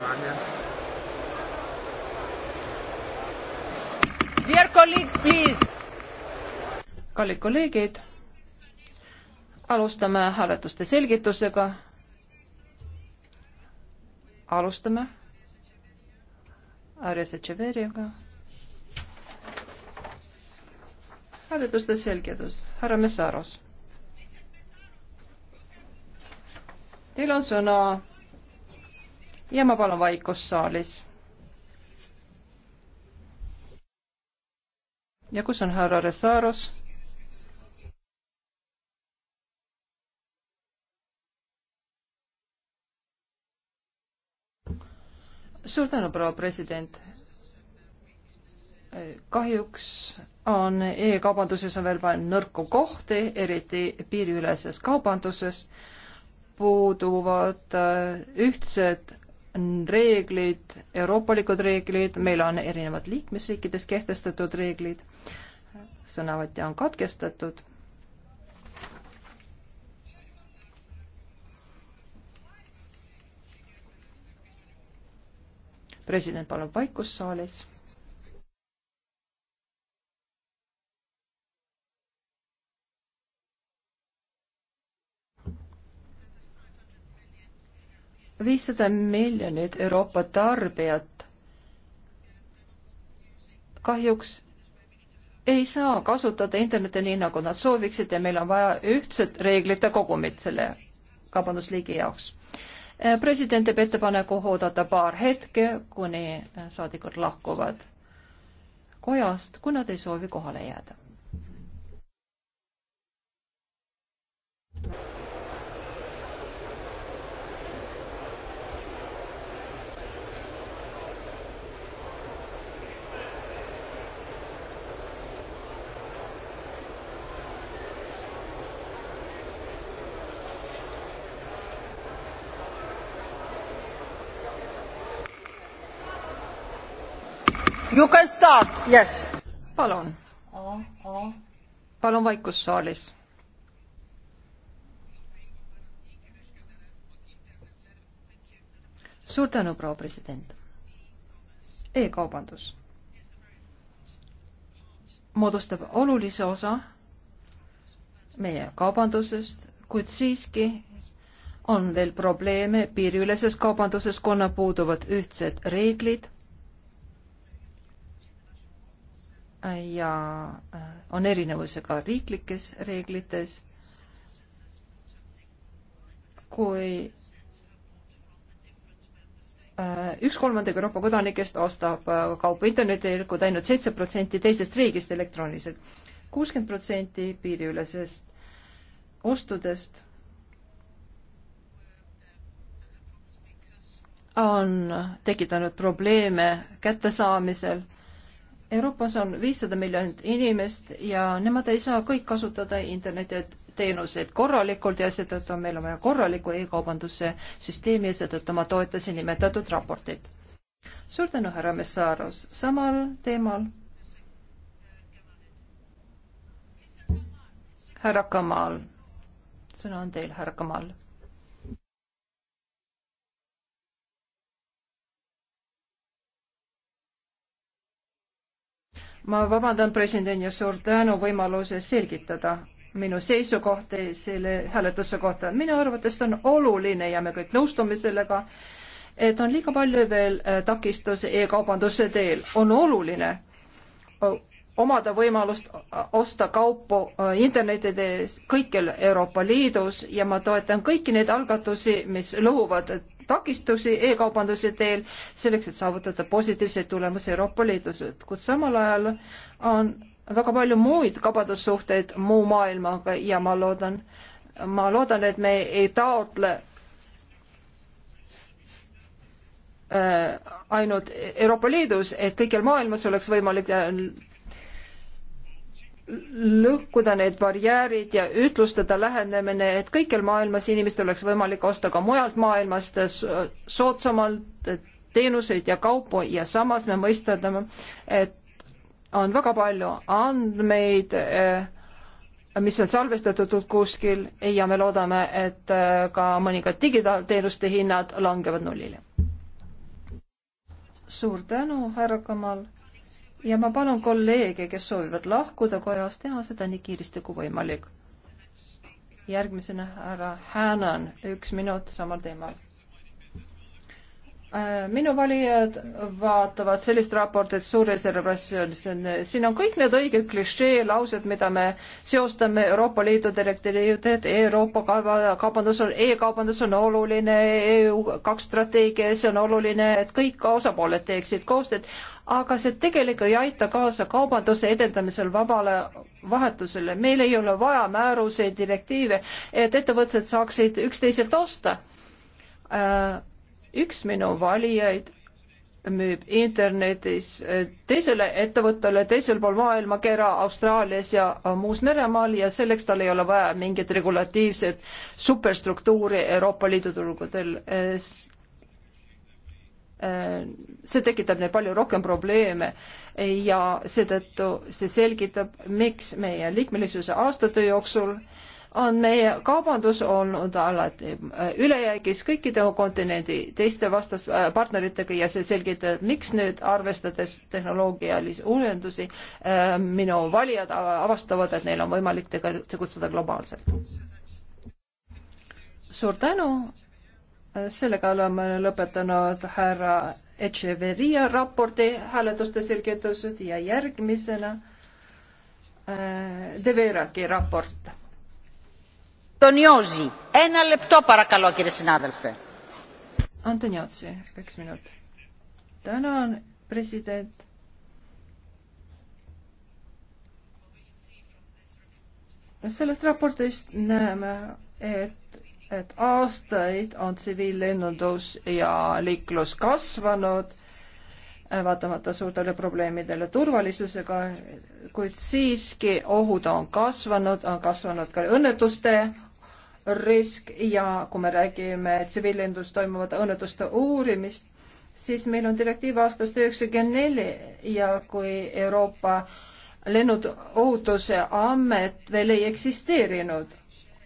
Vargas. Dear colleagues, please. kallid kolleegid, alustame hääletuste selgitusega. alustame Arias Echeveriga. hääletuste selgitus, härra Messaros. Teil on sõna ja ma palun vaikust saalis. ja kus on härra Ressaros? suur tänu, proua president. kahjuks on e-kaubanduses on veel vaja nõrku kohti, eriti piiriüleses kaubanduses puuduvad äh, ühtsed reeglid, euroopalikud reeglid, meil on erinevad liikmesriikides kehtestatud reeglid, sõnavõtja on katkestatud. president palub vaikust saalis viissada miljonit Euroopa tarbijat kahjuks ei saa kasutada interneti nii, nagu nad sooviksid ja meil on vaja ühtset reeglite kogumit selle kaubandusliigi jaoks. president teeb ettepaneku oodata paar hetke, kuni saadikud lahkuvad kojast, kui nad ei soovi kohale jääda You can start, yes. palun. palun vaikust saalis. suur tänu, proua president e. e-kaubandus moodustab olulise osa meie kaubandusest, kuid siiski on veel probleeme piiriüleses kaubanduses, kuna puuduvad ühtsed reeglid ja äh, on erinevusi ka riiklikes reeglites. kui äh, üks kolmandik Euroopa kodanikest ostab äh, kaupa interneti teel, kuid ainult seitse protsenti teisest riigist elektrooniliselt. kuuskümmend protsenti piiriülesest ostudest on tekitanud probleeme kättesaamisel Euroopas on viissada miljonit inimest ja nemad ei saa kõik kasutada internetiteenuseid korralikult ja seetõttu on meil on vaja korralikku e-kaubanduse süsteemi ja seetõttu ma toetasin nimetatud raportit. suur tänu, härra Messaros, samal teemal. härra Kamal, sõna on teil, härra Kamal ma vabandan presidendina suur tänu võimaluse selgitada minu seisukohti selle hääletuse kohta. minu arvates on oluline ja me kõik nõustume sellega, et on liiga palju veel äh, takistusi e-kaubanduse teel. on oluline äh, omada võimalust äh, osta kaupu interneti tees kõikjal Euroopa Liidus ja ma toetan kõiki neid algatusi, mis lõhuvad takistusi e-kaubanduse teel, selleks et saavutada positiivseid tulemusi Euroopa Liidus, kuid samal ajal on väga palju muid kaubandussuhteid muu maailmaga ja ma loodan, ma loodan, et me ei taotle äh, ainult Euroopa Liidus, et kõikjal maailmas oleks võimalik lõhkuda need barjäärid ja ütlustada lähenemine, et kõikjal maailmas inimestel oleks võimalik osta ka mujalt maailmast soodsamalt teenuseid ja kaupu ja samas me mõistame, et on väga palju andmeid, eh, mis on salvestatud kuskil ja me loodame, et eh, ka mõningad digitaalteenuste hinnad langevad nullile. suur tänu, härra Kamal ja ma palun kolleege, kes soovivad lahkuda kojas, teha seda nii kiiresti kui võimalik. järgmisena härra Hänan, üks minut samal teemal. Äh, minu valijad vaatavad sellist raportit suures reservatsioonis, siin on kõik need õiged klišeelaused, mida me seostame Euroopa Liidu direktiivide, et Euroopa kaubandus on e, e-kaubandus on oluline e, EU kaks strateegia, see on oluline, et kõik osapooled teeksid koostööd, aga see tegelikult ei aita kaasa kaubanduse edendamisel vabale vahetusele. meil ei ole vaja määruseid, direktiive, et ettevõtted saaksid üksteiselt osta äh, üks minu valijaid müüb internetis teisele ettevõttele teisel pool maailmakera Austraalias ja muus meremaal ja selleks tal ei ole vaja mingit regulatiivset superstruktuuri Euroopa Liidu turgudel. see tekitab neil palju rohkem probleeme ja seetõttu see selgitab, miks meie liikmelisuse aastate jooksul on meie kaubandus olnud alati äh, ülejäägis kõikide kontinendi teiste vastas äh, partneritega ja see selgitab, miks nüüd arvestades tehnoloogialisi uuendusi äh, minu valijad avastavad, et neil on võimalik tegutseda globaalselt. suur tänu. sellega oleme lõpetanud härra Echeveria raporti hääletuste selgitused ja järgmisena äh, De Veraki raport Antoniozzi, ένα λεπτό παρακαλώ κύριε συνάδελφε. Antoniozzi, üks minut. Tänan, president. Sellest raportist näeme, et, et aastaid on siviillennundus ja liiklus kasvanud vaatamata suurtele probleemidele turvalisusega, kuid siiski ohud on kasvanud, on kasvanud ka õnnetuste risk ja kui me räägime tsiviillendus toimuvate õnnetuste uurimist, siis meil on direktiiv aastast üheksakümmend neli ja kui Euroopa lennuohutuse amet veel ei eksisteerinud,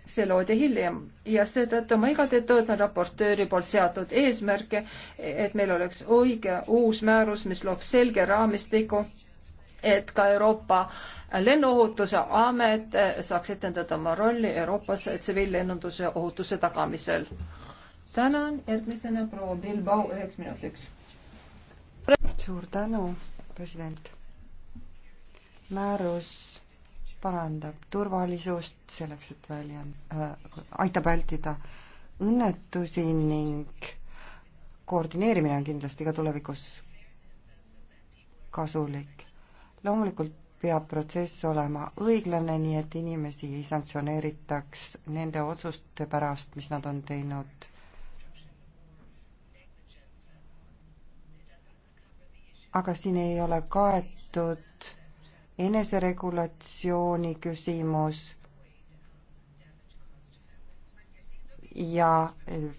see loodi hiljem ja seetõttu ma igati toetan raportööri poolt seatud eesmärke, et meil oleks õige uus määrus, mis looks selge raamistiku et ka Euroopa lennuohutuse amet saaks etendada oma rolli Euroopas tsiviillennunduse ohutuse tagamisel. tänan, järgmisena proua Bilbao üheks minutiks. suur tänu, president. määrus parandab turvalisust selleks, et välja äh,, aitab vältida õnnetusi ning koordineerimine on kindlasti ka tulevikus kasulik loomulikult peab protsess olema õiglane, nii et inimesi ei sanktsioneeritaks nende otsuste pärast, mis nad on teinud. aga siin ei ole kaetud eneseregulatsiooni küsimus ja äh,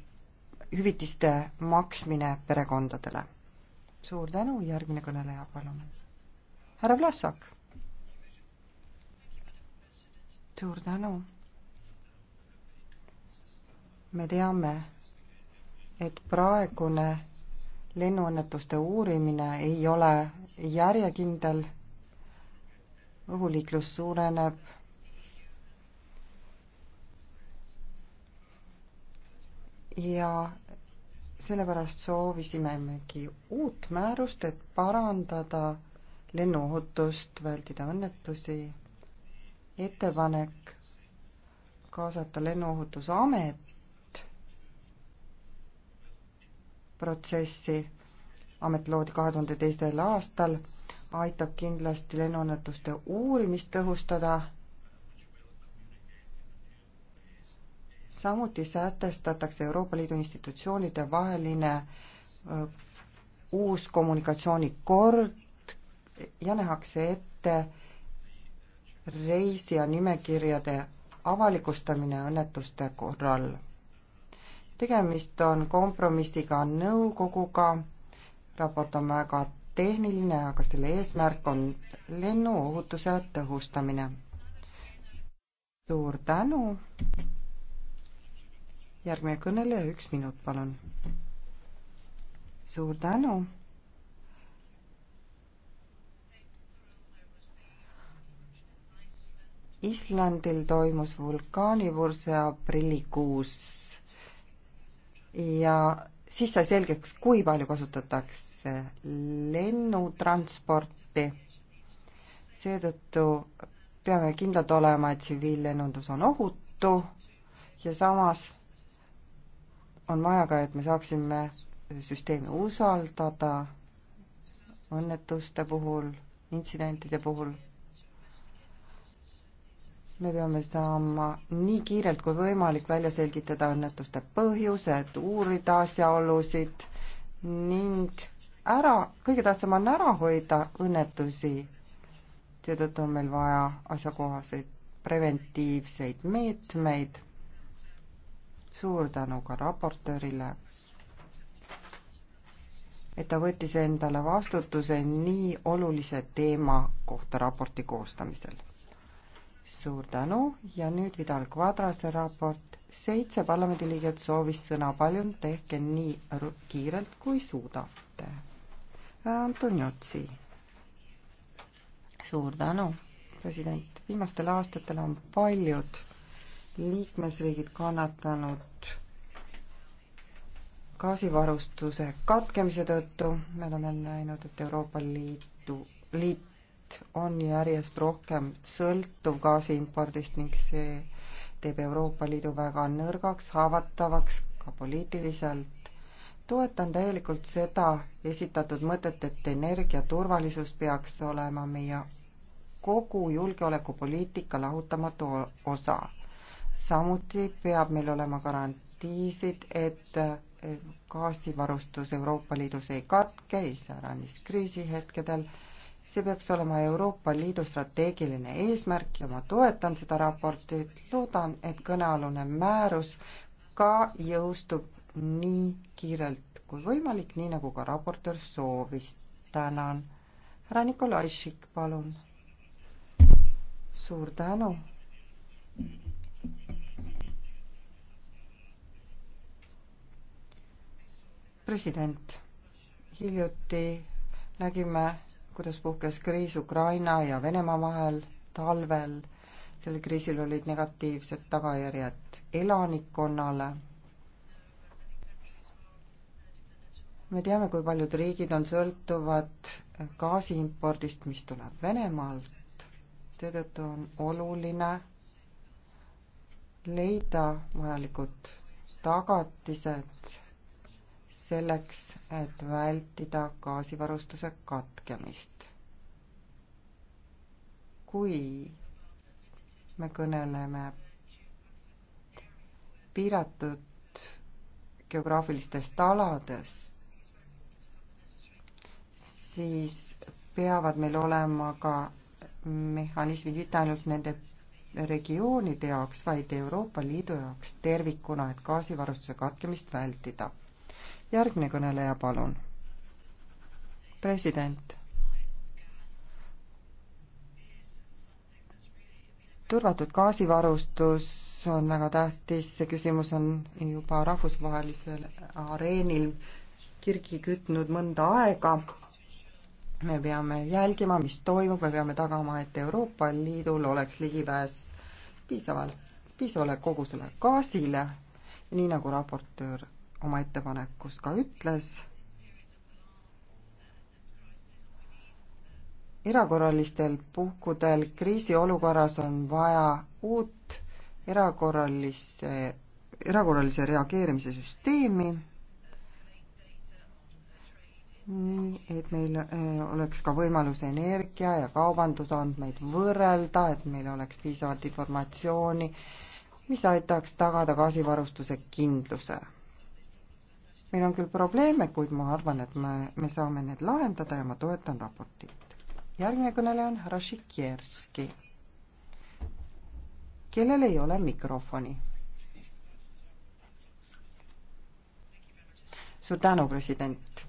hüvitiste maksmine perekondadele. suur tänu, järgmine kõneleja, palun härra Vlasak. suur tänu. me teame, et praegune lennuõnnetuste uurimine ei ole järjekindel. õhuliiklus suureneb. ja sellepärast soovisimegi uut määrust, et parandada lennuohutust, vältida õnnetusi. ettepanek kaasata Lennuohutusamet protsessi, amet loodi kahe tuhande teisel aastal, aitab kindlasti lennuõnnetuste uurimist tõhustada samuti sätestatakse Euroopa Liidu institutsioonide vaheline äh, uus kommunikatsioonikord, ja nähakse ette reisija nimekirjade avalikustamine õnnetuste korral. tegemist on kompromissiga nõukoguga, raport on väga tehniline, aga selle eesmärk on lennuohutuse tõhustamine. suur tänu. järgmine kõneleja, üks minut, palun. suur tänu Islandil toimus vulkaanivurse aprillikuus ja siis sai selgeks, kui palju kasutatakse lennutransporti. seetõttu peame kindlad olema, et tsiviillennundus on ohutu ja samas on vaja ka, et me saaksime süsteemi usaldada õnnetuste puhul, intsidentide puhul me peame saama nii kiirelt kui võimalik välja selgitada õnnetuste põhjused, uurida asjaolusid ning ära, kõige tähtsam on ära hoida õnnetusi. seetõttu on meil vaja asjakohaseid preventiivseid meetmeid. suur tänu ka raportöörile, et ta võttis endale vastutuse nii olulise teema kohta raporti koostamisel suur tänu ja nüüd Vidal Quadrase raport. seitse parlamendiliiget soovis sõna, palun tehke nii kiirelt, kui suudate. Antoniotsi. suur tänu, president. viimastel aastatel on paljud liikmesriigid kannatanud gaasivarustuse katkemise tõttu. me oleme näinud, et Euroopa Liitu, liit Liit on järjest rohkem sõltuv gaasiimpordist ning see teeb Euroopa Liidu väga nõrgaks, haavatavaks ka poliitiliselt. toetan täielikult seda esitatud mõtet, et energiaturvalisus peaks olema meie kogu julgeolekupoliitika lahutamatu osa. samuti peab meil olema garantiisid, et gaasivarustus Euroopa Liidus ei katke iseäranis kriisihetkedel see peaks olema Euroopa Liidu strateegiline eesmärk ja ma toetan seda raportit, loodan, et kõnealune määrus ka jõustub nii kiirelt kui võimalik, nii nagu ka raportöör soovis. tänan. härra Nikolaišik, palun. suur tänu. president, hiljuti nägime kuidas puhkes kriis Ukraina ja Venemaa vahel talvel. sellel kriisil olid negatiivsed tagajärjed elanikkonnale. me teame, kui paljud riigid on sõltuvad gaasiimpordist, mis tuleb Venemaalt. seetõttu on oluline leida vajalikud tagatised selleks, et vältida gaasivarustuse katkemist. kui me kõneleme piiratud geograafilistest aladest, siis peavad meil olema ka mehhanismid mitte ainult nende regioonide jaoks, vaid Euroopa Liidu jaoks tervikuna, et gaasivarustuse katkemist vältida järgmine kõneleja, palun. president. turvatud gaasivarustus on väga tähtis, see küsimus on juba rahvusvahelisel areenil kirgi kütnud mõnda aega. me peame jälgima, mis toimub, me peame tagama, et Euroopa Liidul oleks ligipääs piisavalt, piisavale kogusele gaasile, nii nagu raportöör oma ettepanekus ka ütles, erakorralistel puhkudel kriisiolukorras on vaja uut erakorralise, erakorralise reageerimise süsteemi, nii et meil äh, oleks ka võimalus energia ja kaubandusandmeid võrrelda, et meil oleks piisavalt informatsiooni, mis aitaks tagada gaasivarustuse kindluse meil on küll probleeme, kuid ma arvan, et me, me saame need lahendada ja ma toetan raportit. järgmine kõneleja on härra Šikierski, kellel ei ole mikrofoni. suur tänu, president.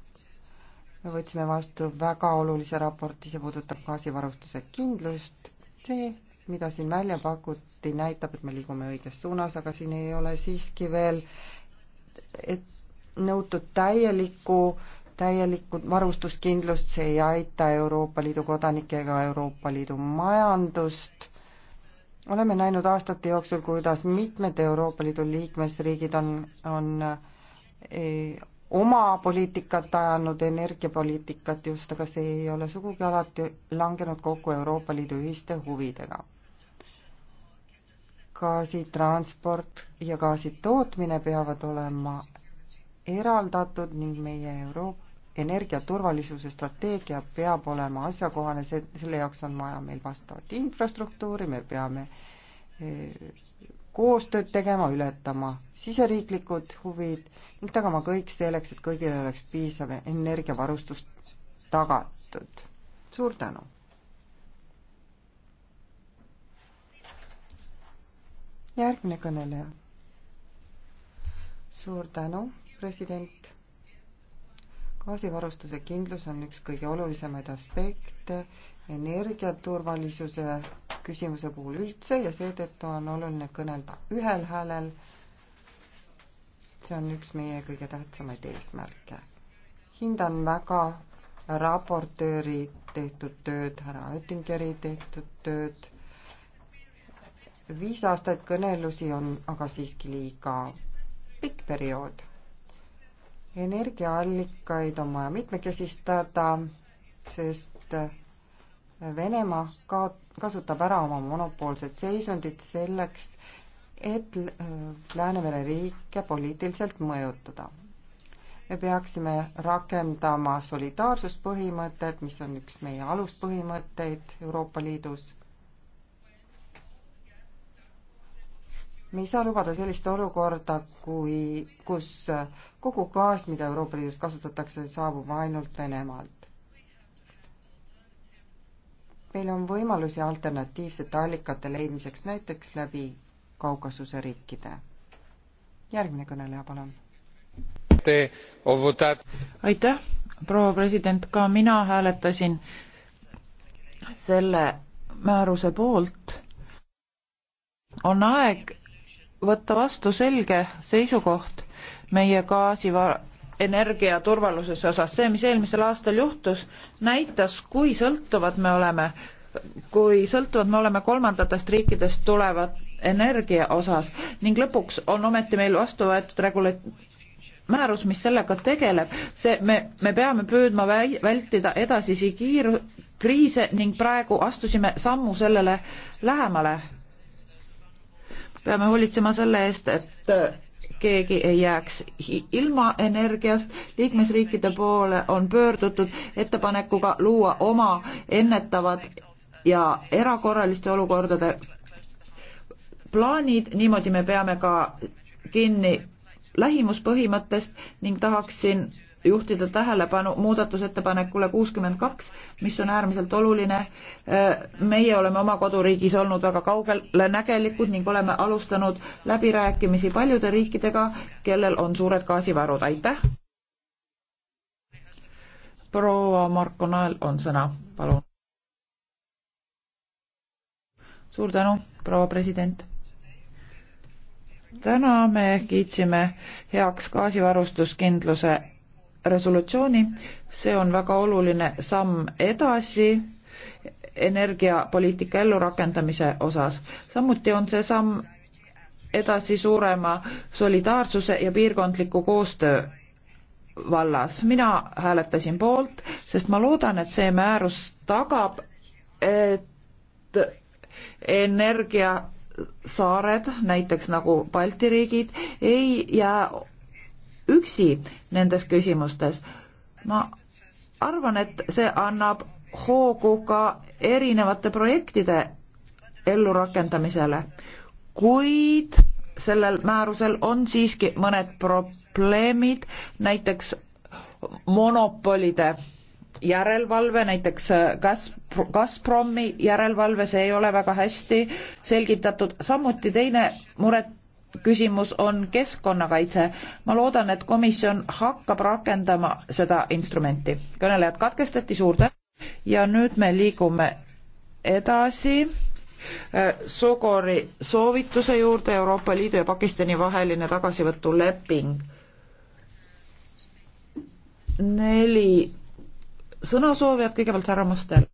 me võtsime vastu väga olulise raporti, see puudutab gaasivarustuse kindlust. see, mida siin välja pakuti, näitab, et me liigume õiges suunas, aga siin ei ole siiski veel, et nõutud täielikku, täielikku varustuskindlust, see ei aita Euroopa Liidu kodanikke ega Euroopa Liidu majandust. oleme näinud aastate jooksul, kuidas mitmed Euroopa Liidu liikmesriigid on, on ei, eh, oma poliitikat ajanud, energiapoliitikat just, aga see ei ole sugugi alati langenud kokku Euroopa Liidu ühiste huvidega gaasi transport ja gaasi tootmine peavad olema eraldatud ning meie Euroopa energiaturvalisuse strateegia peab olema asjakohane, see, selle jaoks on vaja meil vastavat infrastruktuuri, me peame eh, koostööd tegema, ületama siseriiklikud huvid ning tagama kõik selleks, et kõigil oleks piisav energiavarustus tagatud. suur tänu! järgmine kõneleja. suur tänu president. gaasivarustuse kindlus on üks kõige olulisemaid aspekte energiaturvalisuse küsimuse puhul üldse ja seetõttu on oluline kõnelda ühel häälel. see on üks meie kõige tähtsamaid eesmärke. hindan väga raportööri tehtud tööd, härra Oettingeri tehtud tööd. viis aastat kõnelusi on aga siiski liiga pikk periood energiaallikaid on vaja mitmekesistada, sest Venemaa ka-, kasutab ära oma monopoolset seisundit selleks, et Läänemere riike poliitiliselt mõjutada. me peaksime rakendama solidaarsuspõhimõtet, mis on üks meie aluspõhimõtteid Euroopa Liidus me ei saa lubada sellist olukorda, kui, kus kogu gaas, mida Euroopa Liidus kasutatakse, saabub ainult Venemaalt. meil on võimalusi alternatiivsete allikate leidmiseks, näiteks läbi Kaukasuse riikide. järgmine kõneleja, palun. aitäh, proua president, ka mina hääletasin selle määruse poolt. on aeg võtta vastu selge seisukoht meie gaasiva-, energiaturvalisuse osas. see, mis eelmisel aastal juhtus, näitas, kui sõltuvad me oleme, kui sõltuvad me oleme kolmandatest riikidest tulevat energia osas ning lõpuks on ometi meil vastu võetud regula-, määrus, mis sellega tegeleb, see, me, me peame püüdma väi-, vältida edasisi kiir-, kriise ning praegu astusime sammu sellele lähemale peame hoolitsema selle eest, et keegi ei jääks ilma energiast. liikmesriikide poole on pöördutud ettepanekuga luua oma ennetavad ja erakorraliste olukordade plaanid, niimoodi me peame ka kinni lähimuspõhimõttest ning tahaksin juhtida tähelepanu muudatusettepanekule kuuskümmend kaks, mis on äärmiselt oluline. meie oleme oma koduriigis olnud väga kaugelenägelikud ning oleme alustanud läbirääkimisi paljude riikidega, kellel on suured gaasivarud, aitäh. proua Marko Nael on sõna, palun. suur tänu, proua president täna me kiitsime heaks gaasivarustuskindluse resolutsiooni. see on väga oluline samm edasi energiapoliitika ellurakendamise osas. samuti on see samm edasi suurema solidaarsuse ja piirkondliku koostöö vallas. mina hääletasin poolt, sest ma loodan, et see määrus tagab, et energiasaared, näiteks nagu Balti riigid, ei jää üksi nendes küsimustes. ma arvan, et see annab hoogu ka erinevate projektide ellurakendamisele, kuid sellel määrusel on siiski mõned probleemid, näiteks monopolide järelevalve, näiteks Gaz-, Gazpromi järelevalve, see ei ole väga hästi selgitatud, samuti teine muret küsimus on keskkonnakaitse. ma loodan, et komisjon hakkab rakendama seda instrumenti. kõnelejad katkestati, suur tänu. ja nüüd me liigume edasi äh, Sogori soovituse juurde Euroopa Liidu ja Pakistani vaheline tagasivõtuleping. neli sõnasoovijat, kõigepealt härra Mustel.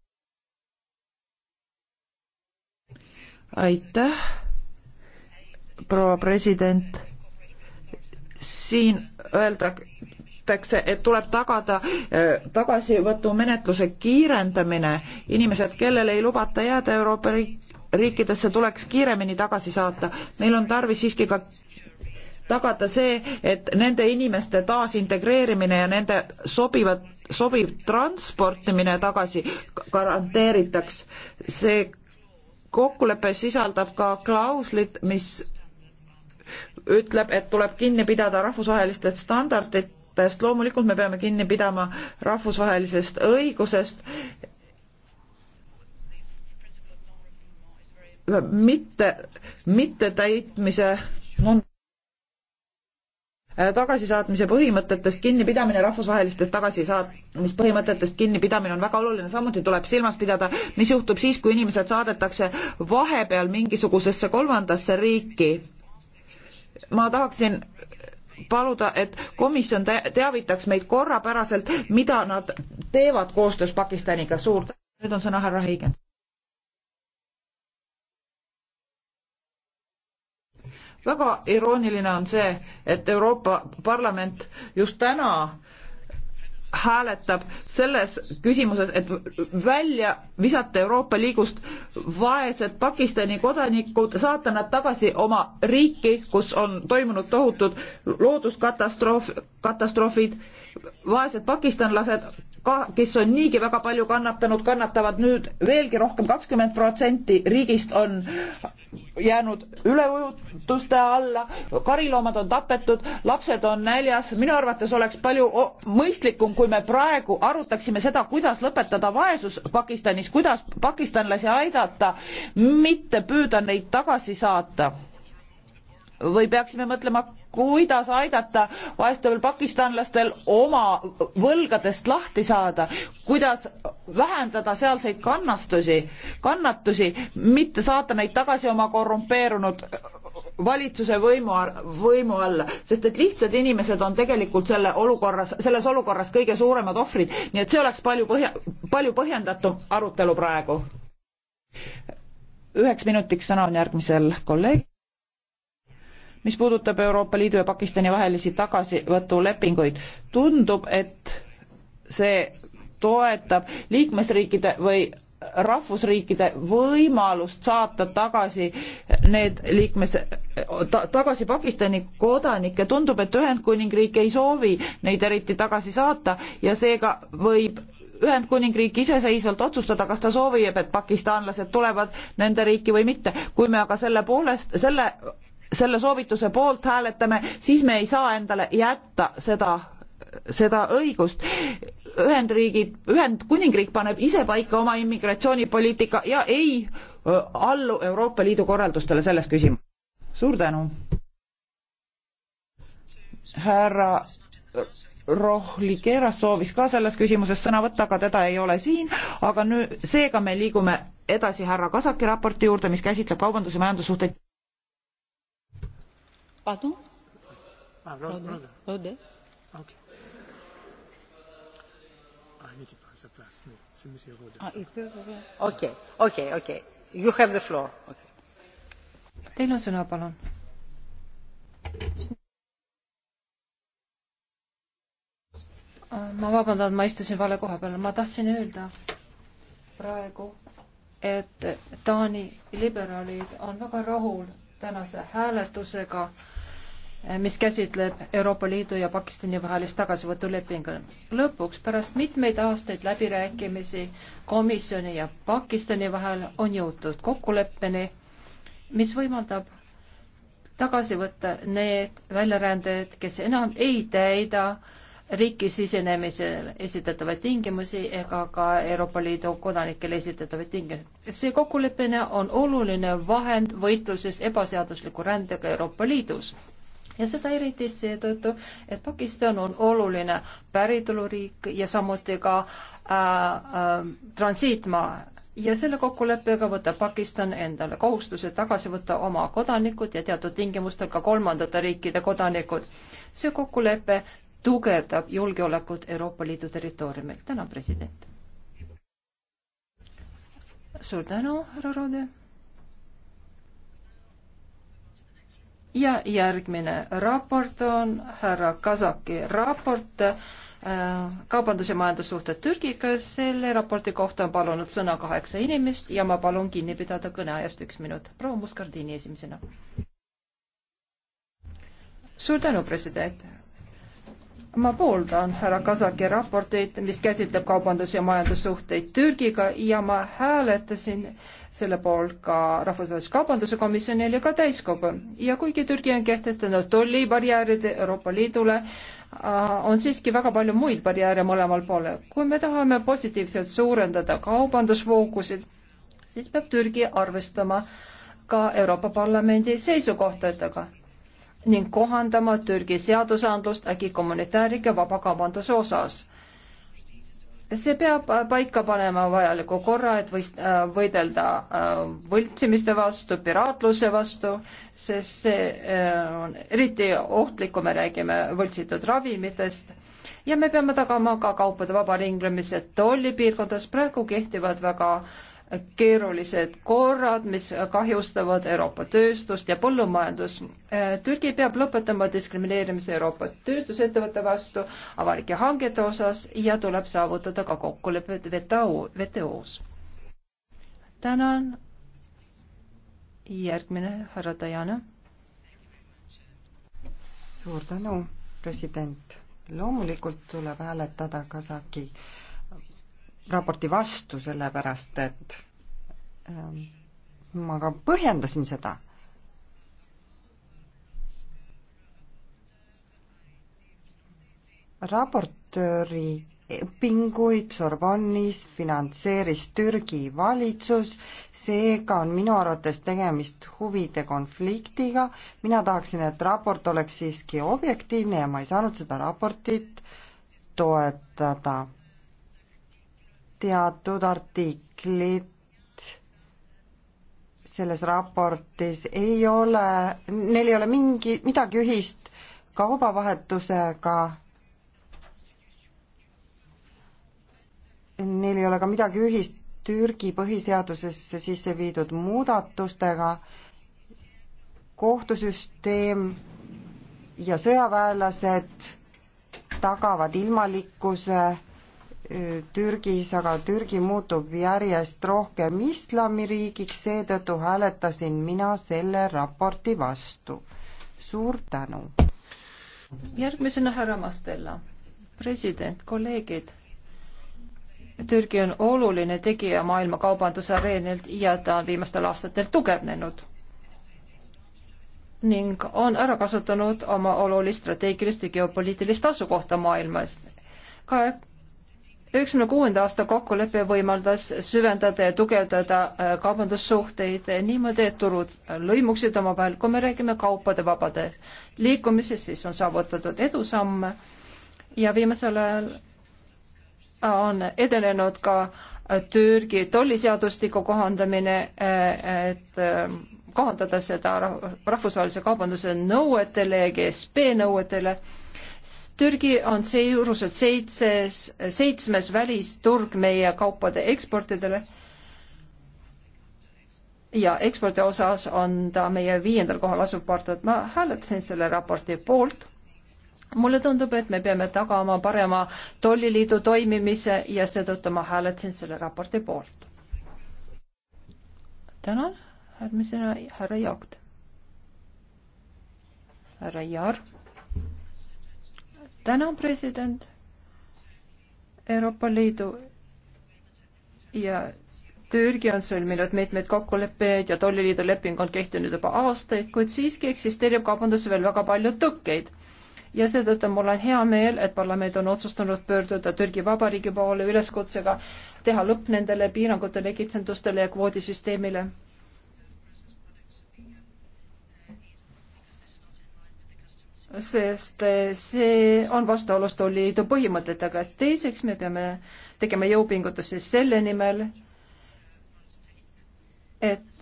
aitäh proua president. siin öeldakse, et tuleb tagada eh, tagasivõtumenetluse kiirendamine. inimesed, kellele ei lubata jääda Euroopa riikidesse, tuleks kiiremini tagasi saata. meil on tarvis siiski ka tagada see, et nende inimeste taasintegreerimine ja nende sobivad, sobiv transportimine tagasi garanteeritaks. see kokkulepe sisaldab ka klauslit, mis ütleb, et tuleb kinni pidada rahvusvahelistest standarditest, loomulikult me peame kinni pidama rahvusvahelisest õigusest, mitte, mittetäitmise on tagasisaatmise põhimõtetest kinnipidamine, rahvusvahelistest tagasisaatmispõhimõtetest kinnipidamine on väga oluline, samuti tuleb silmas pidada, mis juhtub siis, kui inimesed saadetakse vahepeal mingisugusesse kolmandasse riiki ma tahaksin paluda, et komisjon teavitaks meid korrapäraselt, mida nad teevad koostöös Pakistaniga. suur tänu, nüüd on sõna härra Heigen. väga irooniline on see, et Euroopa Parlament just täna hääletab selles küsimuses, et välja visata Euroopa Liigust vaesed Pakistani kodanikud, saata nad tagasi oma riiki, kus on toimunud tohutud looduskatastroof, katastroofid. vaesed pakistanlased kes on niigi väga palju kannatanud, kannatavad nüüd veelgi rohkem, kakskümmend protsenti riigist on jäänud üleujutuste alla, kariloomad on tapetud, lapsed on näljas, minu arvates oleks palju mõistlikum, kui me praegu arutaksime seda, kuidas lõpetada vaesus Pakistanis, kuidas pakistanlasi aidata, mitte püüda neid tagasi saata. või peaksime mõtlema kuidas aidata vaestel pakistanlastel oma võlgadest lahti saada, kuidas vähendada sealseid kannastusi, kannatusi, mitte saata neid tagasi oma korrumpeerunud valitsuse võimu, võimu alla, sest et lihtsad inimesed on tegelikult selle olukorras, selles olukorras kõige suuremad ohvrid, nii et see oleks palju põhja, palju põhjendatum arutelu praegu. üheks minutiks sõna on järgmisel kolleeg- mis puudutab Euroopa Liidu ja Pakistani vahelisi tagasivõtulepinguid, tundub, et see toetab liikmesriikide või rahvusriikide võimalust saata tagasi need liikmes ta,, tagasi Pakistani kodanikke, tundub, et Ühendkuningriik ei soovi neid eriti tagasi saata ja seega võib Ühendkuningriik iseseisvalt otsustada, kas ta soovib, et pakistanlased tulevad nende riiki või mitte. kui me aga selle poolest, selle selle soovituse poolt hääletame, siis me ei saa endale jätta seda, seda õigust. Ühendriigid, Ühendkuningriik paneb ise paika oma immigratsioonipoliitika ja ei allu Euroopa Liidu korraldustele selles küsimuses. suur tänu. härra Rohlikeras soovis ka selles küsimuses sõna võtta, aga teda ei ole siin, aga nüüd seega me liigume edasi härra Kasaki raporti juurde, mis käsitleb kaubandus- ja majandussuhteid. Pardon? Ah, Rode. Rode. Rode. Ok. Ah, il n'était pas à sa place, non. C'est M. Rode. Ah, il peut revenir. Ok, ok, ok. You have the floor. Okay. Teil on sõna, palun. Ah, ma vabandan, ma istusin vale koha peal, ma tahtsin öelda praegu, et Taani liberaalid on väga rahul tänase hääletusega äh, mis käsitleb Euroopa Liidu ja Pakistani vahelist tagasivõtulepingu. lõpuks pärast mitmeid aastaid läbirääkimisi komisjoni ja Pakistani vahel on jõutud kokkuleppeni, mis võimaldab tagasi võtta need väljarändajad, kes enam ei täida riiki sisenemisel esitatavaid tingimusi ega ka Euroopa Liidu kodanikele esitatavaid tingimusi. see kokkuleppena on oluline vahend võitluses ebaseadusliku rändega Euroopa Liidus ja seda eriti seetõttu, et Pakistan on oluline päritoluriik ja samuti ka äh, äh, transiitmaa ja selle kokkuleppega võtab Pakistan endale kohustuse tagasi võtta oma kodanikud ja teatud tingimustel ka kolmandate riikide kodanikud. see kokkulepe tugevdab julgeolekut Euroopa Liidu territooriumil. tänan, president. suur tänu, härra Roode ja järgmine raport on härra Kasaki raport äh, kaubandus- ja majandussuhted Türgiga, selle raporti kohta on palunud sõna kaheksa inimest ja ma palun kinni pidada kõneajast üks minut. proua Muskardini esimesena. suur tänu, president ma pooldan härra Kasaki raporteid, mis käsitleb kaubandus- ja majandussuhteid Türgiga ja ma hääletasin selle poolt ka Rahvusvahelise Kaubanduse Komisjonil ja ka täiskogul. ja kuigi Türgi on kehtestanud tollibarjäärid Euroopa Liidule, äh, on siiski väga palju muid barjääre mõlemal poolel. kui me tahame positiivselt suurendada kaubandusvoogusid, siis peab Türgi arvestama ka Euroopa Parlamendi seisukohtadega ning kohandama Türgi seadusandlust äkki kommunitaarike vabakaubanduse osas. see peab paika panema vajaliku korra, et võist, äh, võidelda äh, võltsimiste vastu, piraatluse vastu, sest see äh, on eriti ohtlik, kui me räägime võltsitud ravimitest ja me peame tagama ka kaupade vaba ringlemise tollipiirkondades, praegu kehtivad väga äh, keerulised korrad, mis kahjustavad Euroopa tööstust ja põllumajandus. Türgi peab lõpetama diskrimineerimise Euroopa tööstusettevõtte vastu avalike hangete osas ja tuleb saavutada ka kokkulepped WTO, WTO-s. tänan. järgmine härra Dajana. suur tänu, president. loomulikult tuleb hääletada Kasaki raporti vastu, sellepärast et ähm, ma ka põhjendasin seda. raportööri õpinguid Sorbonnis finantseeris Türgi valitsus, seega on minu arvates tegemist huvide konfliktiga, mina tahaksin, et raport oleks siiski objektiivne ja ma ei saanud seda raportit toetada teatud artiklid selles raportis ei ole, neil ei ole mingi, midagi ühist kaubavahetusega. Neil ei ole ka midagi ühist Türgi põhiseadusesse sisse viidud muudatustega. kohtusüsteem ja sõjaväelased tagavad ilmalikkuse Türgis, aga Türgi muutub järjest rohkem islamiriigiks, seetõttu hääletasin mina selle raporti vastu. suur tänu! järgmisena härra Mastella. president, kolleegid, Türgi on oluline tegija maailma kaubandusareenil ja ta on viimastel aastatel tugevnenud ning on ära kasutanud oma olulist strateegilist ja geopoliitilist asukohta maailmas. ka üheksakümne kuuenda aasta kokkulepe võimaldas süvendada ja tugevdada äh, kaubandussuhteid niimoodi, et turud lõimuksid omavahel. kui me räägime kaupade vabade liikumisest, siis on saavutatud edusamme ja viimasel ajal on edenenud ka äh, Türgi tolliseadustiku kohandamine, äh, et kohandada seda rahvusvahelise kaubanduse nõuetele ja GSP nõuetele Türgi on seejuuruselt seitses, seitsmes välisturg meie kaupade eksportidele ja ekspordi osas on ta meie viiendal kohal asuv partner. ma hääletasin selle raporti poolt mulle tundub, et me peame tagama parema tolliliidu toimimise ja seetõttu ma hääletasin selle raporti poolt. tänan, järgmisena härra Jaak. härra Jaar täna president Euroopa Liidu ja Türgi on sõlminud mitmeid kokkuleppeid ja tolliliidu leping on kehtinud juba aastaid, kuid siiski eksisteerib kaubandusse veel väga palju tõkkeid. ja seetõttu mul on hea meel, et parlament on otsustanud pöörduda Türgi Vabariigi poole üleskutsega teha lõpp nendele piirangutele, kitsendustele ja kvoodisüsteemile sest see on vastuolus too liidu põhimõtetega. teiseks me peame tegema jõupingutusi selle nimel, et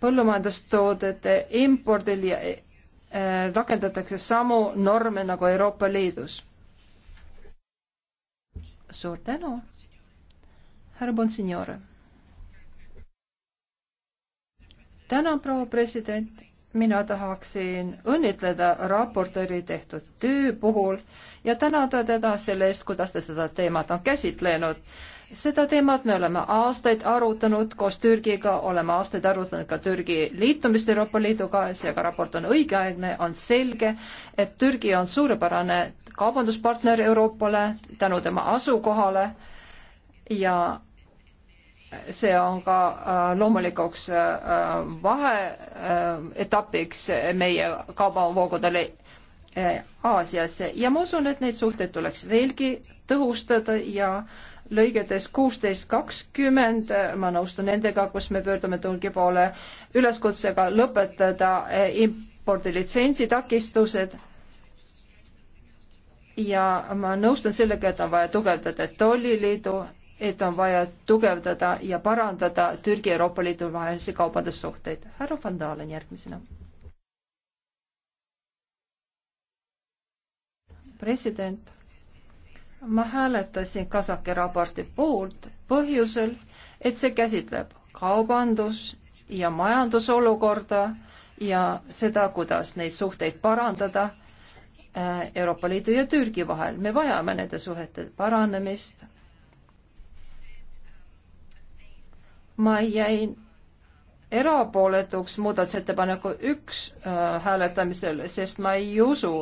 põllumajandustoodete impordil ja äh, rakendatakse samu norme nagu Euroopa Liidus. suur tänu, härra Bonsignore. tänan, proua president mina tahaksin õnnitleda raportööri tehtud töö puhul ja tänada teda selle eest, kuidas ta seda teemat on käsitlenud. seda teemat me oleme aastaid arutanud koos Türgiga, oleme aastaid arutanud ka Türgi liitumist Euroopa Liiduga, seega raport on õigeaegne, on selge, et Türgi on suurepärane kaubanduspartner Euroopale tänu tema asukohale ja see on ka äh, loomulikuks äh, vaheetapiks äh, meie kaubavoogudele Aasiasse ja ma usun, et neid suhteid tuleks veelgi tõhustada ja lõigetes kuusteist kakskümmend, ma nõustun nendega, kus me pöördume Türgi poole üleskutsega lõpetada impordilitsentsi takistused ja ma nõustun sellega, et on vaja tugevdada tolliliidu et on vaja tugevdada ja parandada Türgi Euroopa Liidu vahelisi kaubandussuhteid. härra Van Dalen järgmisena. president, ma hääletasin Kasaki raporti poolt põhjusel, et see käsitleb kaubandus- ja majandusolukorda ja seda, kuidas neid suhteid parandada äh, Euroopa Liidu ja Türgi vahel. me vajame nende suhete paranemist ma jäin erapooletuks muudatusettepaneku üks äh, hääletamisel, sest ma ei usu,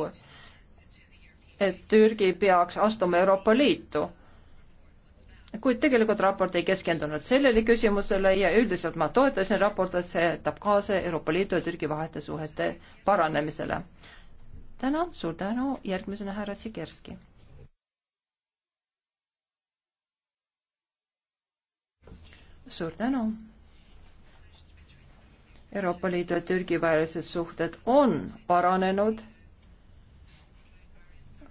et Türgi peaks astuma Euroopa Liitu. kuid tegelikult raport ei keskendunud sellele küsimusele ja üldiselt ma toetasin raportit, see aitab kaasa Euroopa Liidu ja Türgi vahete suhete paranemisele. tänan, suur tänu, järgmisena härra Sikerski suur tänu. Euroopa Liidu ja Türgi vahelised suhted on paranenud,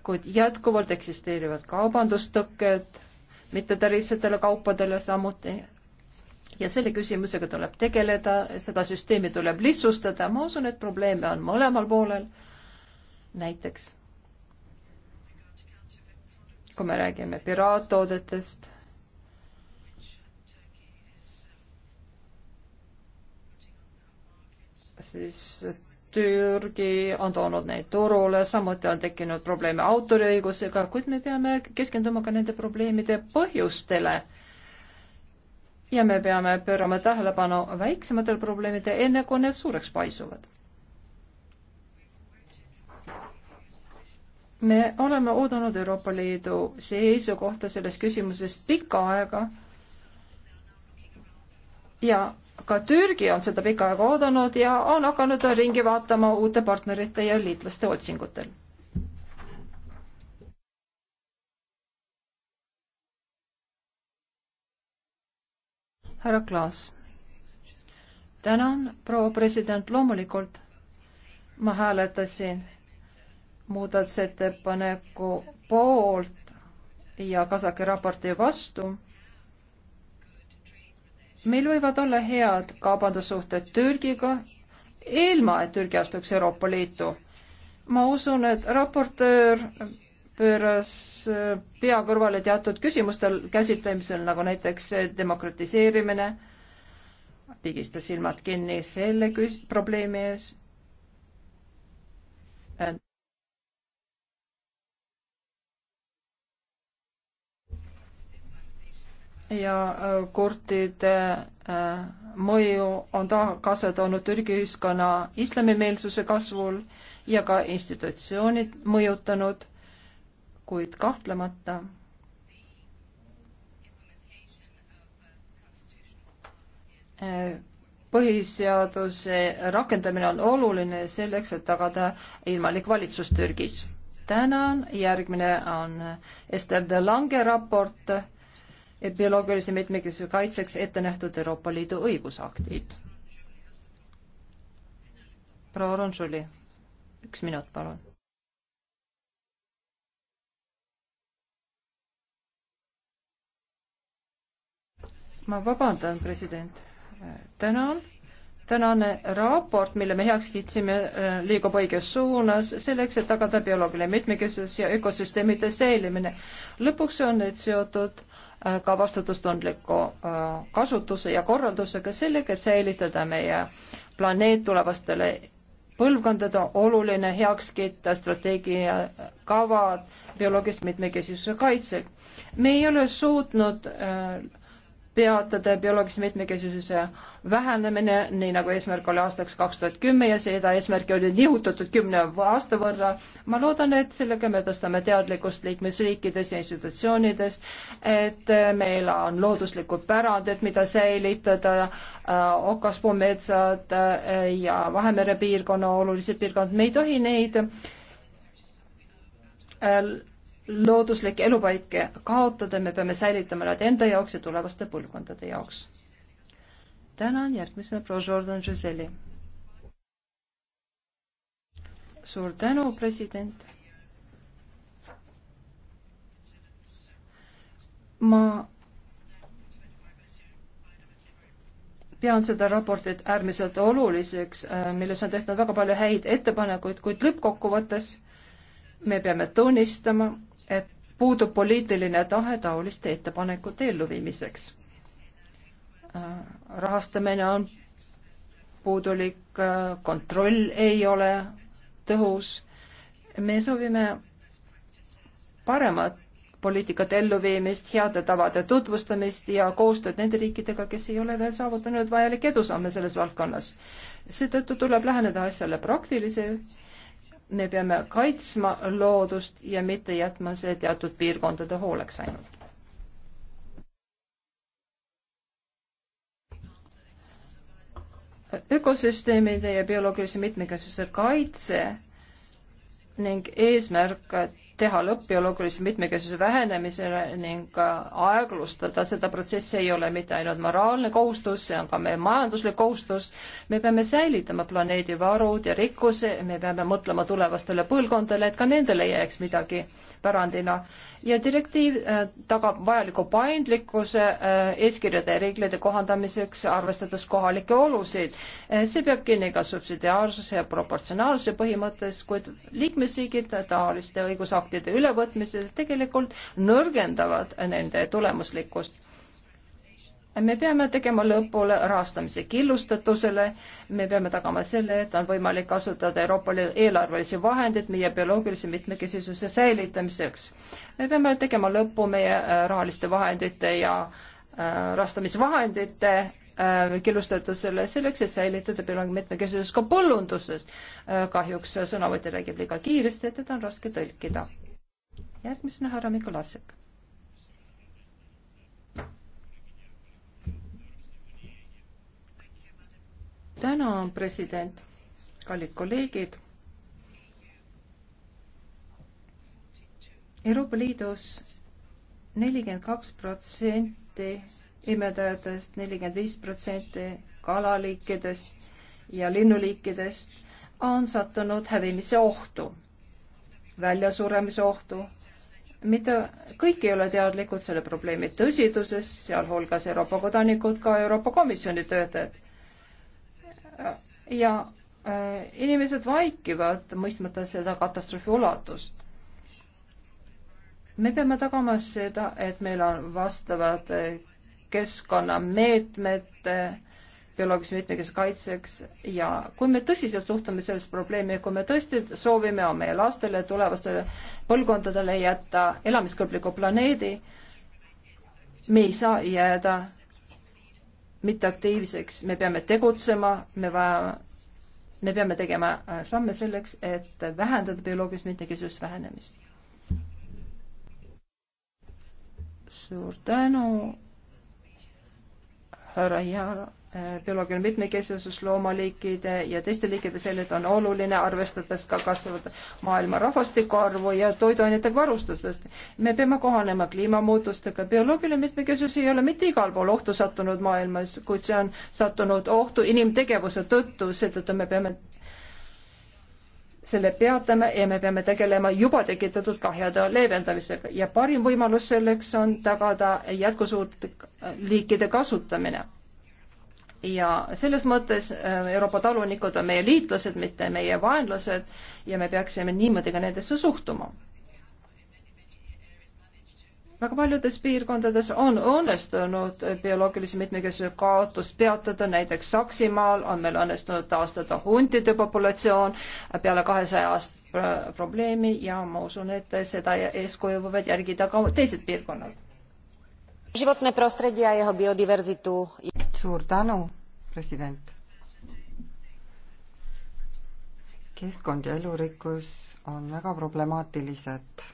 kuid jätkuvalt eksisteerivad kaubandustõkked mittetariifsetele kaupadele samuti. ja selle küsimusega tuleb tegeleda, seda süsteemi tuleb lihtsustada, ma usun, et probleeme on mõlemal poolel. näiteks kui me räägime piraattoodetest siis Türgi on toonud neid turule, samuti on tekkinud probleeme autoriõigusega, kuid me peame keskenduma ka nende probleemide põhjustele. ja me peame pöörama tähelepanu väiksematele probleemidele, enne kui need suureks paisuvad. me oleme oodanud Euroopa Liidu seisukohta selles küsimuses pikka aega ja ka Türgi on seda pikka aega oodanud ja on hakanud ringi vaatama uute partnerite ja liitlaste otsingutel. härra Klaas. tänan, proua president, loomulikult ma hääletasin muudatusettepaneku poolt ja Kasaki raporti vastu meil võivad olla head kaubandussuhted Türgiga, ilma et Türgi astuks Euroopa Liitu. ma usun, et raportöör pööras äh, pea kõrvale teatud küsimustel käsitlemisel, nagu näiteks demokratiseerimine, pigistas silmad kinni selle küs-, probleemi ees ja äh, kurtide äh, mõju on ta kaasa toonud Türgi ühiskonna islamimeelsuse kasvul ja ka institutsioonid mõjutanud, kuid kahtlemata põhiseaduse rakendamine on oluline selleks, et tagada ilmalik valitsus Türgis. tänan, järgmine on Ester de Lange raport bioloogilise mitmekesisuse kaitseks ette nähtud Euroopa Liidu õigusaktid. proua Ronžuli, üks minut, palun. ma vabandan, president. tänan tänane raport, mille me heaks kiitsime, äh, liigub õiges suunas selleks, et tagada bioloogiline mitmekesisus ja ökosüsteemide säilimine. lõpuks on need seotud äh, ka vastutustundliku äh, kasutuse ja korraldusega sellega, et säilitada meie planeet tulevastele põlvkondade oluline heaks kiita strateegiakavad bioloogilise mitmekesisuse kaitsel. me ei ole suutnud äh, peatada bioloogilise mitmekesisuse vähenemine, nii nagu eesmärk oli aastaks kaks tuhat kümme ja seda eesmärki oli nihutatud kümne aasta võrra. ma loodan, et sellega me tõstame teadlikkust liikmesriikides ja institutsioonides, et meil on looduslikud pärandid, mida säilitada äh,, okaspuumetsad äh, ja Vahemere piirkonna olulised piirkonnad, me ei tohi neid äh, looduslikke elupaike kaotada, me peame säilitama nad enda jaoks ja tulevaste põlvkondade jaoks. tänan järgmisena proua Jordan Giseli. suur tänu, president. ma pean seda raportit äärmiselt oluliseks, äh, milles on tehtud väga palju häid ettepanekuid, kuid lõppkokkuvõttes me peame tunnistama, et puudub poliitiline tahe taoliste ettepanekute elluviimiseks. Äh, rahastamine on puudulik, äh, kontroll ei ole tõhus. me soovime paremat poliitikate elluviimist, heade tavade tutvustamist ja koostööd nende riikidega, kes ei ole veel saavutanud vajalikke edusamme selles valdkonnas. seetõttu tuleb läheneda asjale praktiliselt me peame kaitsma loodust ja mitte jätma see teatud piirkondade hooleks ainult. ökosüsteemide ja bioloogilise mitmekesisuse kaitse ning eesmärk teha lõpp bioloogilise mitmekesisuse vähenemisele ning aeglustada seda protsessi ei ole mitte ainult moraalne kohustus, see on ka meie majanduslik kohustus. me peame säilitama planeedi varud ja rikkuse, me peame mõtlema tulevastele põlvkondadele, et ka nendele ei jääks midagi pärandina. ja direktiiv äh, tagab vajaliku paindlikkuse äh, eeskirjade ja reeglite kohandamiseks, arvestades kohalikke olusid. Äh, see peab kinni ka subsidiaarsuse ja proportsionaalsuse põhimõttes, kuid liikmesriigid taoliste õigusaktide õigusaktide ülevõtmisel tegelikult nõrgendavad nende tulemuslikkust me peame tegema lõpule rahastamise killustatusele, me peame tagama selle, et on võimalik kasutada Euroopa Liidu eelarvelisi vahendeid meie bioloogilise mitmekesisuse säilitamiseks. me peame tegema lõpu meie äh, rahaliste vahendite ja äh, rahastamisvahendite Äh, killustatud selle selleks, et säilitada piirang mitmekesisus ka põllunduses. Äh, kahjuks sõnavõtja räägib liiga kiiresti, et teda on raske tõlkida. järgmisena härra Mikolasek. tänan, president, kallid kolleegid. Euroopa Liidus nelikümmend kaks protsenti imedajatest, nelikümmend viis protsenti kalaliikidest ja linnuliikidest on sattunud hävimise ohtu, väljasuremise ohtu, mida kõik ei ole teadlikud selle probleemi tõsidusest, sealhulgas Euroopa kodanikud, ka Euroopa Komisjoni töötajad. ja äh, inimesed vaikivad, mõistmata seda katastroofi ulatust me peame tagama seda, et meil on vastavad keskkonnameetmed bioloogilise mitmekesise kaitseks ja kui me tõsiselt suhtume sellesse probleemi, kui me tõesti soovime meie lastele, tulevastele põlvkondadele jätta elamiskõlbliku planeedi, me ei saa jääda mitteaktiivseks, me peame tegutsema, me vaja, me peame tegema äh, samme selleks, et vähendada bioloogilist mitmekesisust vähenemist. suur tänu härra Jaara, eh, bioloogiline mitmekesisus loomaliikide ja teiste liikide seljad on oluline, arvestades ka kasvavat maailma rahvastiku arvu ja toiduainete varustustest. me peame kohanema kliimamuutustega, bioloogiline mitmekesisus ei ole mitte igal pool ohtu sattunud maailmas, kuid see on sattunud ohtu inimtegevuse tõttu, seetõttu me peame selle peatame ja me peame tegelema juba tekitatud kahjade leevendamisega ja parim võimalus selleks on tagada jätkusuutlik äh, liikide kasutamine. ja selles mõttes äh, Euroopa talunikud on meie liitlased, mitte meie vaenlased ja me peaksime niimoodi ka nendesse suhtuma väga paljudes piirkondades on õnnestunud bioloogilise mitmekesisuse kaotust peatada, näiteks Saksimaal on meil õnnestunud taastada huntide populatsioon peale kahesaja aastat probleemi ja ma usun, et seda eeskuju võivad järgida ka teised piirkonnad. životne prostredje ja jeho biodiversitu. suur tänu, president. keskkond ja elurikkus on väga problemaatilised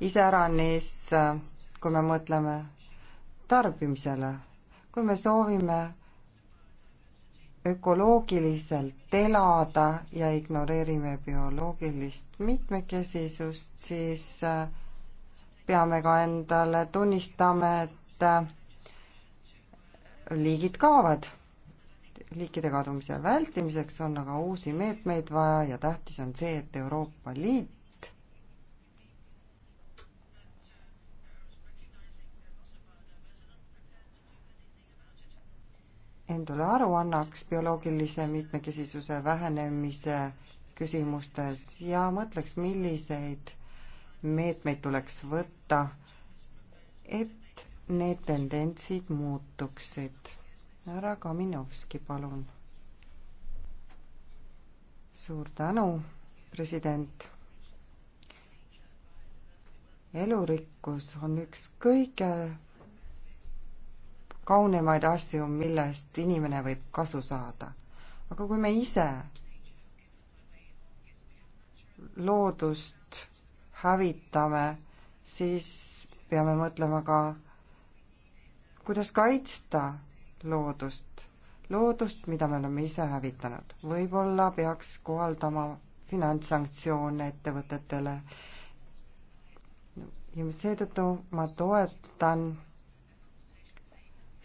iseäranis, kui me mõtleme tarbimisele, kui me soovime ökoloogiliselt elada ja ignoreerime bioloogilist mitmekesisust, siis äh, peame ka endale tunnistama, et äh, liigid kaovad. liikide kadumise vältimiseks on aga uusi meetmeid vaja ja tähtis on see, et Euroopa Liit endale aru annaks bioloogilise mitmekesisuse vähenemise küsimustes ja mõtleks, milliseid meetmeid tuleks võtta, et need tendentsid muutuksid. härra Kaminovski, palun. suur tänu, president. elurikkus on üks kõige kaunimaid asju, millest inimene võib kasu saada. aga kui me ise loodust hävitame, siis peame mõtlema ka, kuidas kaitsta loodust, loodust, mida me oleme ise hävitanud. võib-olla peaks kohaldama finantssanktsioone ettevõtetele ja seetõttu ma toetan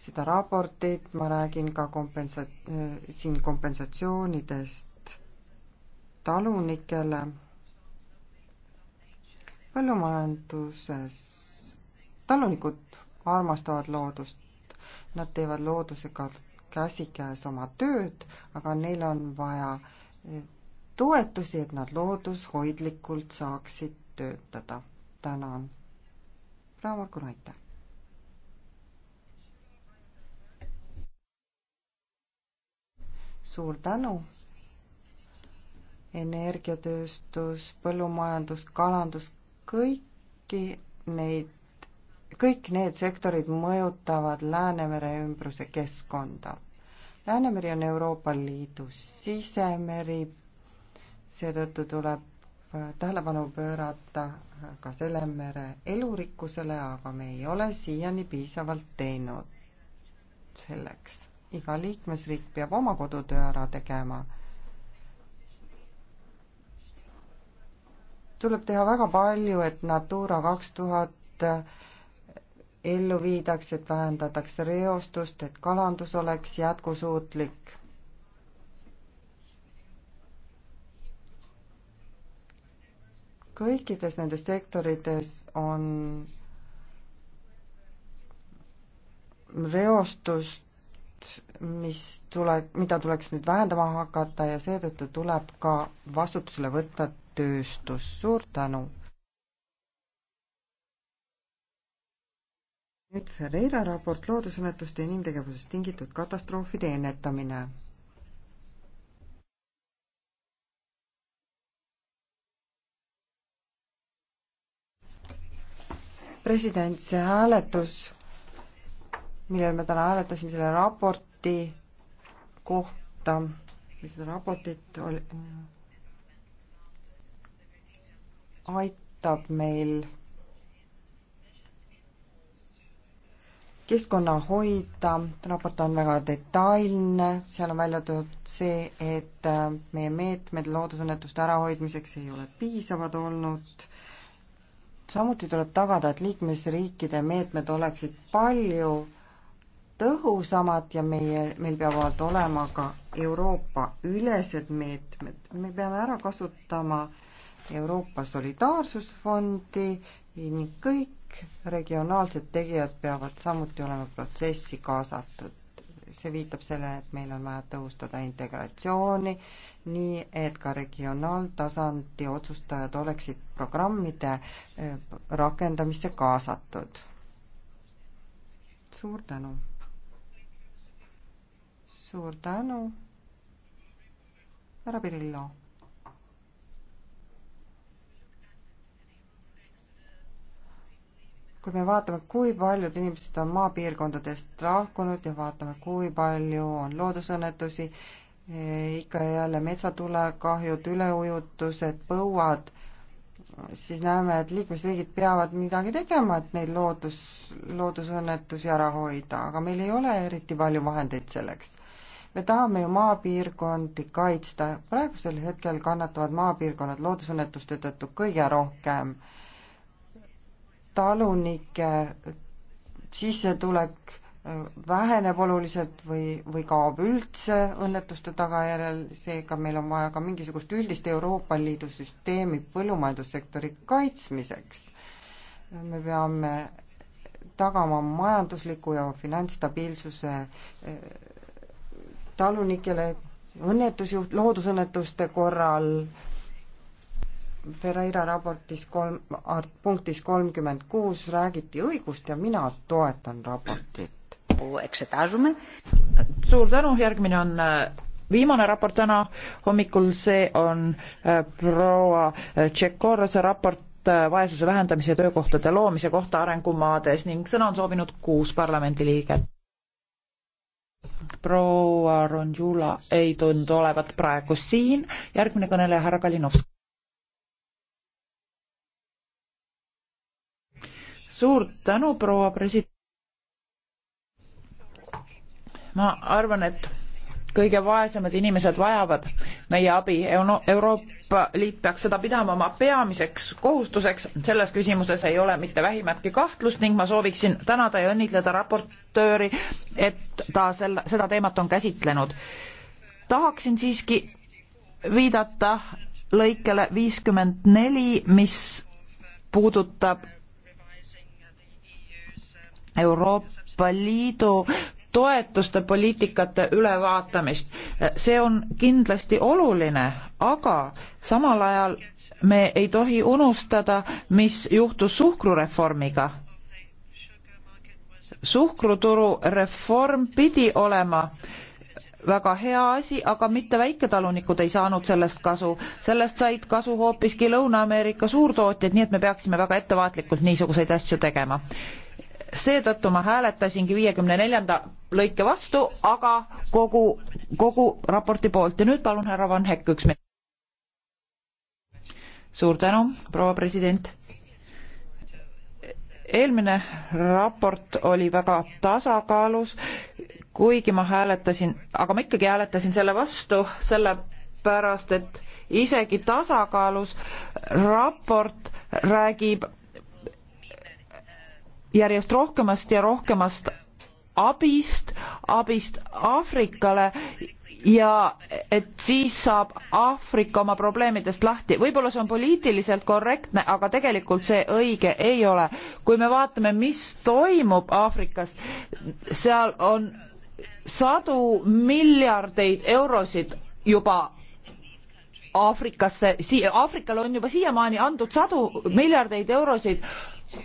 seda raportit, ma räägin ka kompensa-, siin kompensatsioonidest talunikele. põllumajanduses talunikud armastavad loodust, nad teevad loodusega käsikäes oma tööd, aga neil on vaja eh, toetusi, et nad loodushoidlikult saaksid töötada. tänan. Raamor Kunaita suur tänu. energiatööstus, põllumajandus, kalandus, kõiki neid, kõik need sektorid mõjutavad Läänemere ümbruse keskkonda. Läänemeri on Euroopa Liidu sisemeri, seetõttu tuleb tähelepanu pöörata ka selle mere elurikkusele, aga me ei ole siiani piisavalt teinud selleks iga liikmesriik peab oma kodutöö ära tegema. tuleb teha väga palju, et Natura kaks tuhat ellu viidaks, et vähendataks reostust, et kalandus oleks jätkusuutlik. kõikides nendes sektorites on reostust mis tule, mida tuleks nüüd vähendama hakata ja seetõttu tuleb ka vastutusele võtta tööstus. suur tänu! nüüd Ferreira raport loodusõnnetuste ja inimtegevusest tingitud katastroofide ennetamine. president, see hääletus millel me täna hääletasime selle raporti kohta või seda raportit oli, äh, aitab meil keskkonna hoida, raport on väga detailne, seal on välja toodud see, et äh, meie meetmed loodusõnnetuste ärahoidmiseks ei ole piisavad olnud, samuti tuleb tagada, et liikmesriikide meetmed oleksid palju tõhusamad ja meie, meil peavad olema ka Euroopa ülesed meetmed. me peame ära kasutama Euroopa Solidaarsusfondi ning kõik regionaalsed tegijad peavad samuti olema protsessi kaasatud. see viitab sellele, et meil on vaja tõhustada integratsiooni, nii et ka regionaaltasandi otsustajad oleksid programmide äh, rakendamisse kaasatud. suur tänu! suur tänu, härra Pirillo. kui me vaatame, kui paljud inimesed on maapiirkondadest lahkunud ja vaatame, kui palju on loodusõnnetusi, e, ikka ja jälle metsatulekahjud, üleujutused, põuad, siis näeme, et liikmesriigid peavad midagi tegema, et neid loodus, loodusõnnetusi ära hoida, aga meil ei ole eriti palju vahendeid selleks me tahame ju maapiirkondi kaitsta, praegusel hetkel kannatavad maapiirkonnad loodusõnnetuste tõttu kõige rohkem. talunike sissetulek äh, väheneb oluliselt või, või kaob üldse õnnetuste tagajärjel, seega meil on vaja ka mingisugust üldist Euroopa Liidu süsteemi põllumajandussektori kaitsmiseks. me peame tagama majandusliku ja finantsstabiilsuse äh, talunikele õnnetusjuht, loodusõnnetuste korral Ferreira raportis kolm, punktis kolmkümmend kuus räägiti õigust ja mina toetan raportit. suur tänu, järgmine on äh, viimane raport täna hommikul, see on äh, proua äh, Tšekorrase raport vaesuse vähendamise ja töökohtade loomise kohta arengumaades ning sõna on soovinud kuus parlamendiliiget proua Ronjula ei tundu olevat praegu siin, järgmine kõneleja härra Kalinovski. suur tänu, proua president. ma arvan, et kõige vaesemad inimesed vajavad meie abi. Euroopa Liit peaks seda pidama oma peamiseks kohustuseks, selles küsimuses ei ole mitte vähimatki kahtlust ning ma sooviksin tänada ja õnnitleda raportööri, et ta selle, seda teemat on käsitlenud. tahaksin siiski viidata lõikele viiskümmend neli, mis puudutab Euroopa Liidu toetuste poliitikate ülevaatamist. see on kindlasti oluline, aga samal ajal me ei tohi unustada, mis juhtus suhkrureformiga. suhkruturu reform pidi olema väga hea asi, aga mitte väiketalunikud ei saanud sellest kasu. sellest said kasu hoopiski Lõuna-Ameerika suurtootjad, nii et me peaksime väga ettevaatlikult niisuguseid asju tegema seetõttu ma hääletasingi viiekümne neljanda lõike vastu, aga kogu, kogu raporti poolt ja nüüd palun härra Van Hekk üks minut. suur tänu, proua president. eelmine raport oli väga tasakaalus, kuigi ma hääletasin, aga ma ikkagi hääletasin selle vastu, sellepärast et isegi tasakaalus raport räägib järjest rohkemast ja rohkemast abist, abist Aafrikale ja et siis saab Aafrika oma probleemidest lahti. võib-olla see on poliitiliselt korrektne, aga tegelikult see õige ei ole. kui me vaatame, mis toimub Aafrikas, seal on sadu miljardeid eurosid juba Aafrikasse, Aafrikale on juba siiamaani antud sadu miljardeid eurosid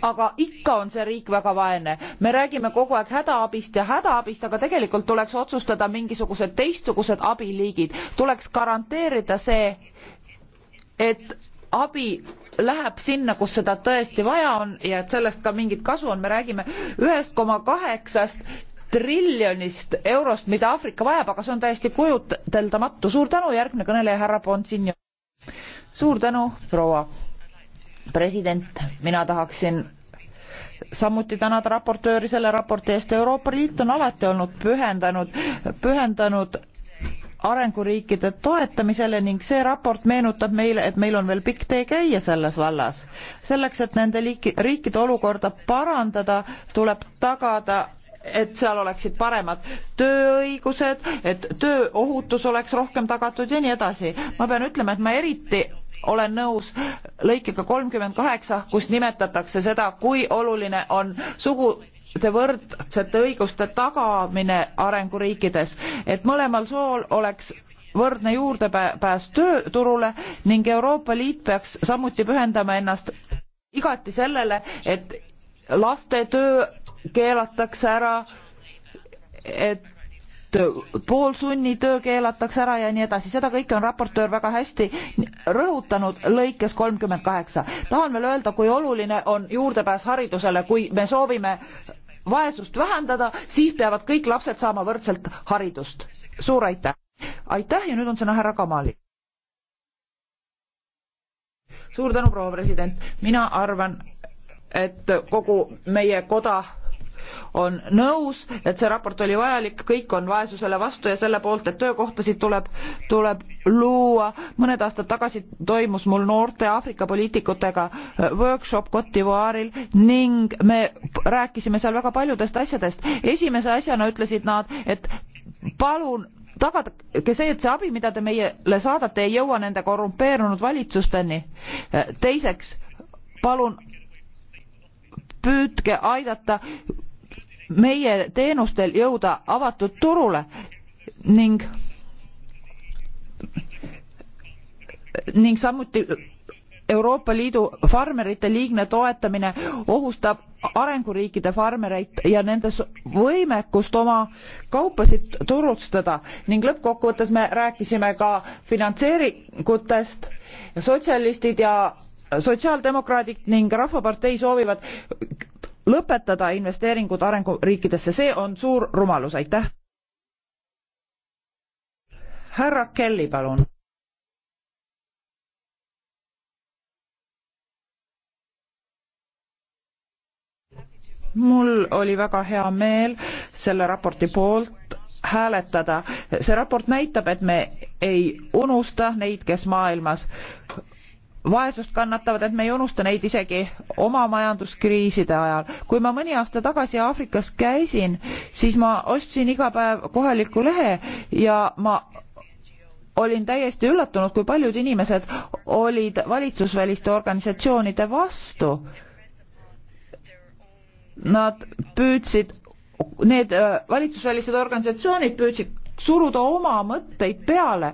aga ikka on see riik väga vaene. me räägime kogu aeg hädaabist ja hädaabist, aga tegelikult tuleks otsustada mingisugused teistsugused abiliigid. tuleks garanteerida see, et abi läheb sinna, kus seda tõesti vaja on ja et sellest ka mingit kasu on, me räägime ühest koma kaheksast triljonist eurost, mida Aafrika vajab, aga see on täiesti kujuteldamatu. suur tänu, järgmine kõneleja, härra Bonsinio. suur tänu, proua president, mina tahaksin samuti tänada raportööri selle raporti eest. Euroopa Liit on alati olnud pühendanud, pühendanud arenguriikide toetamisele ning see raport meenutab meile, et meil on veel pikk tee käia selles vallas. selleks, et nende liiki, riikide olukorda parandada, tuleb tagada et seal oleksid paremad tööõigused, et tööohutus oleks rohkem tagatud ja nii edasi. ma pean ütlema, et ma eriti olen nõus lõikega kolmkümmend kaheksa, kus nimetatakse seda, kui oluline on sugude võrdsete õiguste tagamine arenguriikides, et mõlemal sool oleks võrdne juurdepääs tööturule ning Euroopa Liit peaks samuti pühendama ennast igati sellele, et laste töö keelatakse ära, et poolsunnitöö keelatakse ära ja nii edasi, seda kõike on raportöör väga hästi rõhutanud lõikes kolmkümmend kaheksa. tahan veel öelda, kui oluline on juurdepääs haridusele, kui me soovime vaesust vähendada, siis peavad kõik lapsed saama võrdselt haridust. suur aitäh! aitäh ja nüüd on sõna härra Kamali. suur tänu, proua president, mina arvan, et kogu meie koda on nõus, et see raport oli vajalik, kõik on vaesusele vastu ja selle poolt, et töökohtasid tuleb, tuleb luua. mõned aastad tagasi toimus mul noorte Aafrika poliitikutega äh, workshop Cote d'Ivoire'il ning me rääkisime seal väga paljudest asjadest. esimese asjana ütlesid nad, et palun tagage see, et see abi, mida te meile saadate, ei jõua nende korrumpeerunud valitsusteni. Äh, teiseks, palun püüdke aidata meie teenustel jõuda avatud turule ning ning samuti Euroopa Liidu farmerite liigne toetamine ohustab arenguriikide farmereid ja nende võimekust oma kaupasid turustada ning lõppkokkuvõttes me rääkisime ka finantseeringutest ja sotsialistid ja sotsiaaldemokraadid ning Rahvapartei soovivad lõpetada investeeringud arenguriikidesse, see on suur rumalus, aitäh. härra Kelly, palun. mul oli väga hea meel selle raporti poolt hääletada. see raport näitab, et me ei unusta neid, kes maailmas vaesust kannatavad, et me ei unusta neid isegi oma majanduskriiside ajal. kui ma mõni aasta tagasi Aafrikas käisin, siis ma ostsin iga päev kohaliku lehe ja ma olin täiesti üllatunud, kui paljud inimesed olid valitsusväliste organisatsioonide vastu. Nad püüdsid, need äh, valitsusvälised organisatsioonid püüdsid suruda oma mõtteid peale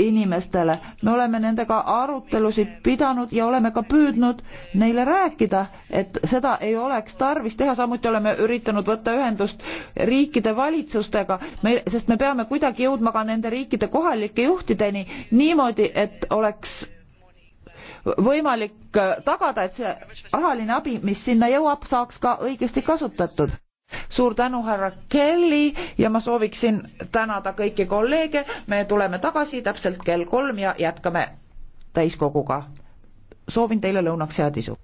inimestele. me oleme nendega arutelusid pidanud ja oleme ka püüdnud neile rääkida, et seda ei oleks tarvis teha, samuti oleme üritanud võtta ühendust riikide valitsustega, me, sest me peame kuidagi jõudma ka nende riikide kohalike juhtideni niimoodi, et oleks võimalik tagada, et see rahaline abi, mis sinna jõuab, saaks ka õigesti kasutatud suur tänu, härra Kelly ja ma sooviksin tänada kõiki kolleege, me tuleme tagasi täpselt kell kolm ja jätkame täiskoguga. soovin teile lõunaks head isu.